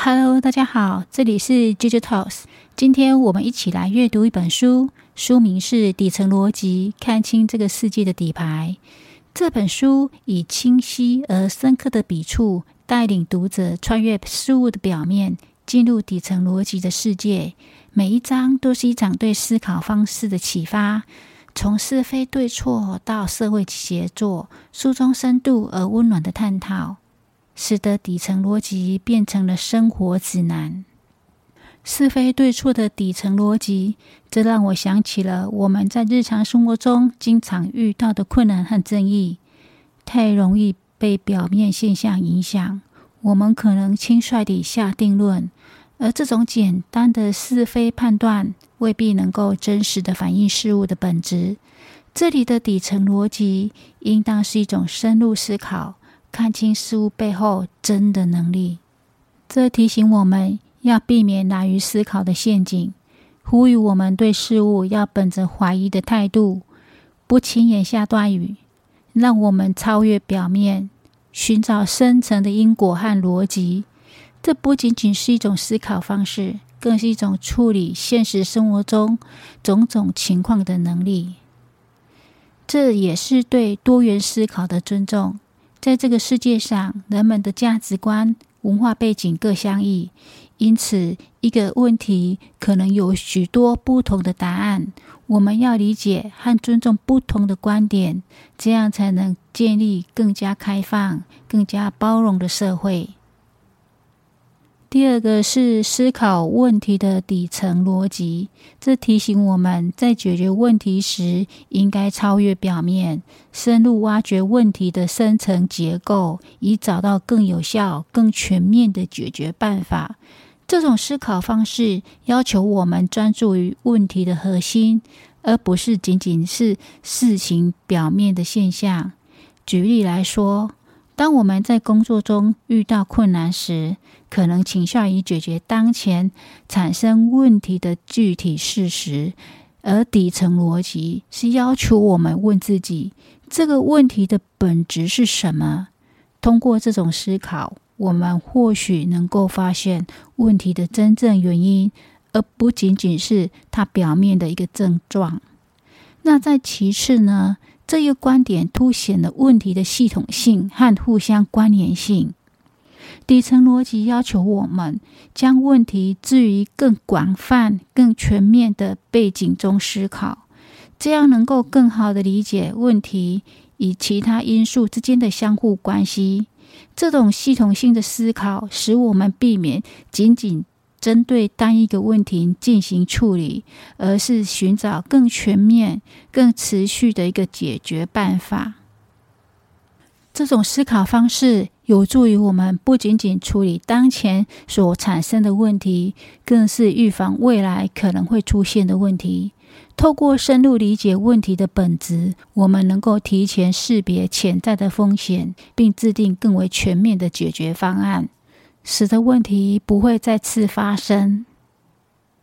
Hello，大家好，這裡是 Gigi Talks。今天我們一起來閱讀一本書，書名是《底層邏輯：看清這個世界的底牌》。這本書以清晰而深刻的筆觸，帶領讀者穿越事物的表面，進入底層邏輯的世界。每一章都是一場對思考方式的啟發，從是非對錯到社會協作，書中深度而溫暖的探討。使得底層邏輯變成了生活指南，是非對錯的底層邏輯。這讓我想起了我們在日常生活中經常遇到的困難和爭議。太容易被表面現象影響，我們可能輕率地下定論，而這種簡單的是非判斷未必能夠真實地反映事物的本質。這裡的底層邏輯應當是一種深入思考。看清事物背後真的能力，這提醒我們要避免懶於思考的陷阱，呼籲我們對事物要本着懷疑的態度，不輕言下斷語，讓我們超越表面，尋找深層的因果和邏輯。這不僅僅是一種思考方式，更是一種處理現實生活中種種情況的能力。這也是對多元思考的尊重。在這個世界上，人們的價值觀、文化背景各相異，因此一個問題可能有許多不同的答案。我們要理解和尊重不同的觀點，這樣才能建立更加開放、更加包容的社會。第二個是思考問題的底層邏輯，這提醒我們在解決問題時，應該超越表面，深入挖掘問題的深層結構，以找到更有效、更全面的解決辦法。這種思考方式要求我們專注於問題的核心，而不是僅僅是事情表面的現象。舉例來說，當我們在工作中遇到困難時，可能傾向於解決當前產生問題的具體事實，而底層邏輯是要求我們問自己這個問題的本質是什麼。通過這種思考，我們或許能夠發現問題的真正原因，而不僅僅是它表面的一個症狀。那再其次呢？這一個觀點凸顯了問題的系統性和互相關聯性。底層邏輯要求我們將問題置於更廣泛、更全面的背景中思考，這樣能夠更好地理解問題與其他因素之間的相互關係。這種系統性的思考使我們避免僅僅針對單一個問題進行處理，而是尋找更全面、更持續的一個解決辦法。這種思考方式。有助於我們不僅僅處理當前所產生的問題，更是預防未來可能會出現的問題。透過深入理解問題的本質，我們能夠提前識別潛在的風險，並制定更為全面的解決方案，使得問題不會再次發生。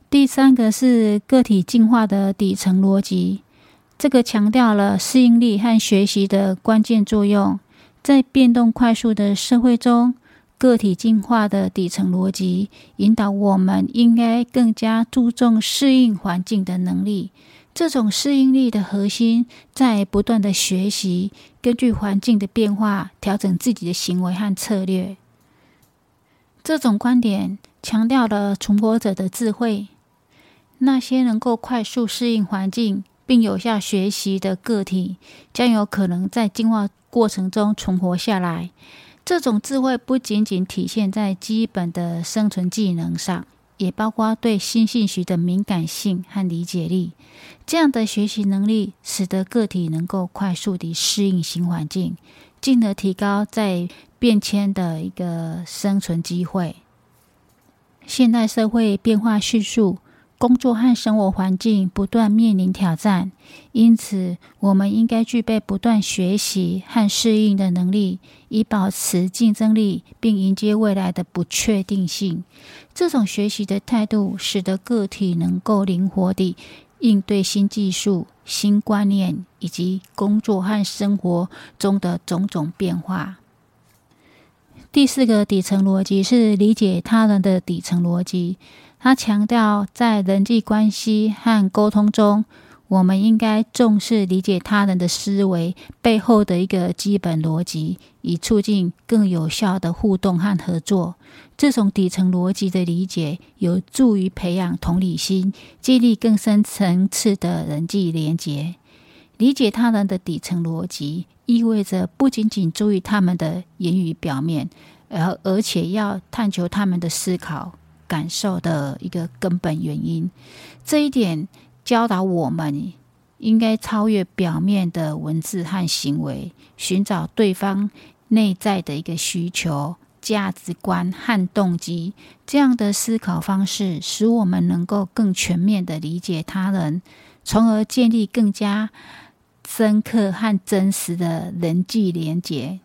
第三個是個體進化的底層邏輯，這個強調了適應力和學習的關鍵作用。在變動快速的社會中，個體進化的底層邏輯引導我們應該更加注重適應環境的能力。這種適應力的核心在不斷的學習，根據環境的變化調整自己的行為和策略。這種觀點強調了重播者的智慧，那些能夠快速適應環境。並有效學習的個體，將有可能在進化過程中存活下來。這種智慧不僅僅體現在基本的生存技能上，也包括對新信息的敏感性和理解力。這樣的學習能力，使得個體能夠快速地適應新環境，進而提高在變遷的一個生存機會。現代社會變化迅速。工作和生活環境不斷面臨挑戰，因此我們應該具備不斷學習和適應的能力，以保持競爭力並迎接未來的不確定性。這種學習的態度，使得個體能夠靈活地應對新技術、新觀念以及工作和生活中的種種變化。第四個底層邏輯是理解他人的底層邏輯。他強調，在人際關係和溝通中，我們應該重視理解他人的思維背後的一個基本邏輯，以促進更有效的互動和合作。這種底層邏輯的理解有助於培養同理心，建立更深層次的人際連結。理解他人的底層邏輯，意味着不僅僅注意他們的言語表面，而而且要探求他們的思考，感受的一個根本原因，這一點教導我們應該超越表面的文字和行為，尋找對方內在的一個需求、價值觀和動機。這樣的思考方式使我們能夠更全面的理解他人，從而建立更加深刻和真實的人際連接。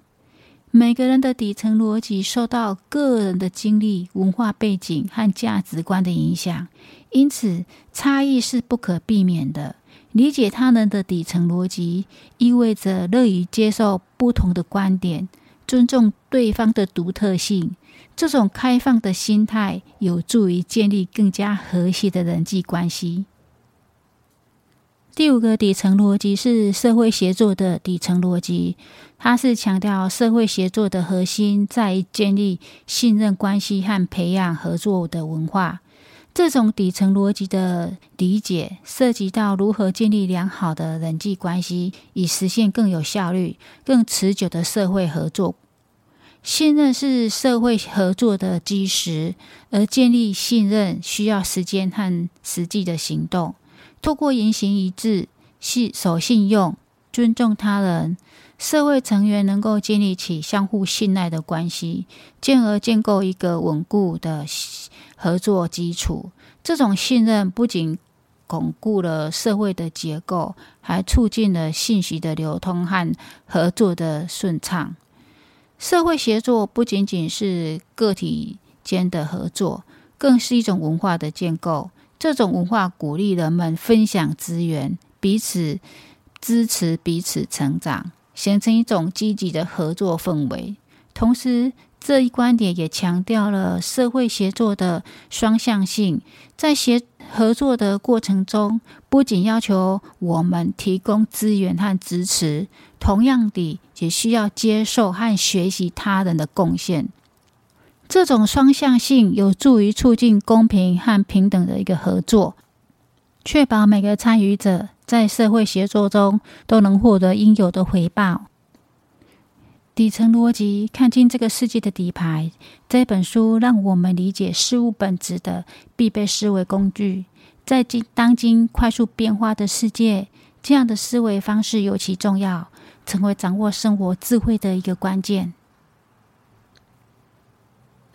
每個人的底層邏輯受到個人的經歷、文化背景和價值觀的影響，因此差異是不可避免的。理解他人的底層邏輯意味着樂於接受不同的觀點，尊重對方的獨特性。這種開放的心態有助於建立更加和諧的人際關係。第五個底層邏輯是社會協作的底層邏輯，它是強調社會協作的核心在於建立信任關係和培養合作的文化。這種底層邏輯的理解涉及到如何建立良好的人際關係，以實現更有效率、更持久的社會合作。信任是社會合作的基石，而建立信任需要時間和實際的行動。透過言行一致、信守信用、尊重他人，社會成員能夠建立起相互信賴的關係，進而建構一個穩固的合作基礎。這種信任不僅鞏固了社會的結構，還促進了信息的流通和合作的順暢。社會協作不僅僅是個體間的合作，更是一種文化的建構。這種文化鼓勵人們分享資源，彼此支持彼此成長，形成一種積極的合作氛圍。同時，這一觀點也強調了社會協作的雙向性。在協合作的過程中，不僅要求我們提供資源和支持，同樣的，也需要接受和學習他人的貢獻。這種雙向性有助於促進公平和平等的一個合作，確保每個參與者在社會協作中都能獲得應有的回報。底層邏輯，看清這個世界的底牌，這本書讓我們理解事物本質的必備思維工具。在今當今快速變化的世界，這樣的思維方式尤其重要，成為掌握生活智慧的一個關鍵。